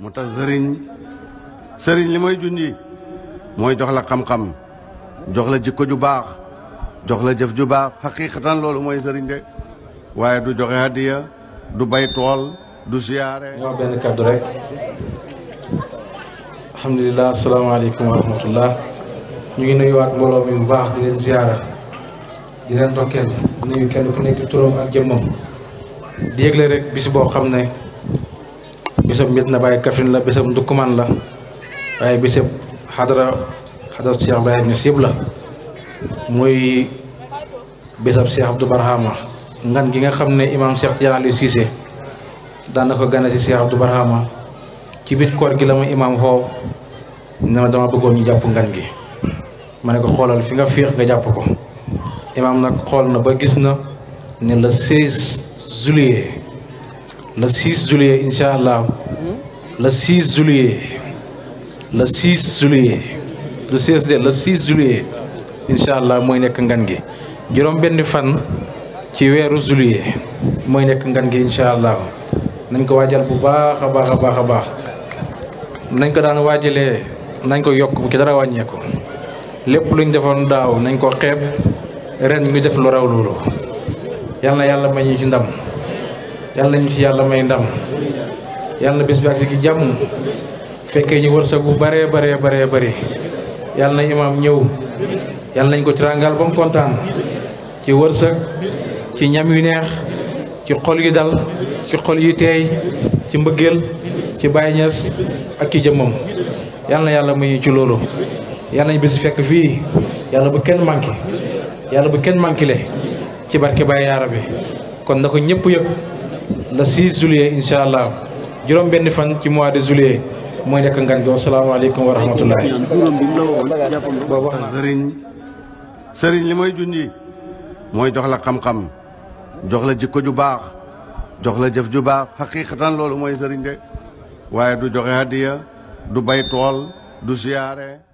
moo tax sëriñ sëriñ li mooy junji mooy jox la xam-xam jox la jikko ju baax jox la jëf ju baax xaqiqatan loolu mooy sëriñ de waaye du joxe hadiya du bay tool du siyaare ñoo benn kàddu rek alhamdulilah asalaamaaleykum wa rahmatullah ñu ngi nuyuwaat mbooloo mi bu baax di leen ziyaara di leen ndokkeel nuyu kenn ku nekk turam ak jëmmam di yëgle rek bisi boo xam ne bisab mbit na bàyyi Kaffrine la bisab ndukkumaan la waaye bisab xadara xadara Cheikh Ibrahima Niass yëpp la muy bisab Cheikh Abdou Barhama ngan gi nga xam ne imaam Cheikh Tidiane Aliou Cissé daan na ko gane si Cheikh Abdou Barhama ci biir koor gi la ma imaam xoo ne ma dama bëggoon ñu jàpp ngan gi ma ne ko xoolal fi nga fiix nga jàpp ko imaam nag xool na ba gis na ne la 16 juillet le 6 juillet incha allah le 6 juillet le 6 juillet le 6 le 6 juillet incha allah mooy nekk ngan gi juróom benn fan ci weeru juillet mooy nekk ngan gi incha allah nañ ko waajal bu baax a baax a baax a baax nañ ko daan waajalee nañ ko yokk bu ci dara wàññeeku lépp luñ defoon daaw nañ ko xeeb ren ñu def lu raw loolu yàlla na yàlla may ñu ci ndam. yàlla nañu ci yàlla may ndam yàlla na bés bi ak si ki jàmm fekkee ñu wërsëg bu baree baree baree bëri yàlla na imaam ñëw yàlla nañ ko tirangal ba mu kontaan ci wërsëg ci ñam yu neex ci xol yi dal ci xol yi teey ci mbëggeel ci Baay Ñas ak ci jëmmam yàlla na yàlla may ci loolu yàlla nañ bés fekk fii yàlla bu kenn manqué yàlla bu kenn manqué ci barke Baay Yaara bi kon na ko ñëpp yëg le 6 juillet incha allah juróom benn fan ci mois de juillet mooy nekk ngan gi wasalaamaaleykum wa rahmatullahi boobu wax sëriñ sëriñ li mooy junji mooy jox la xam-xam jox la jikko ju baax jox la jëf ju baax xaqiqatan loolu mooy sëriñ de waaye du joxe hadiya du bay tool du siyaare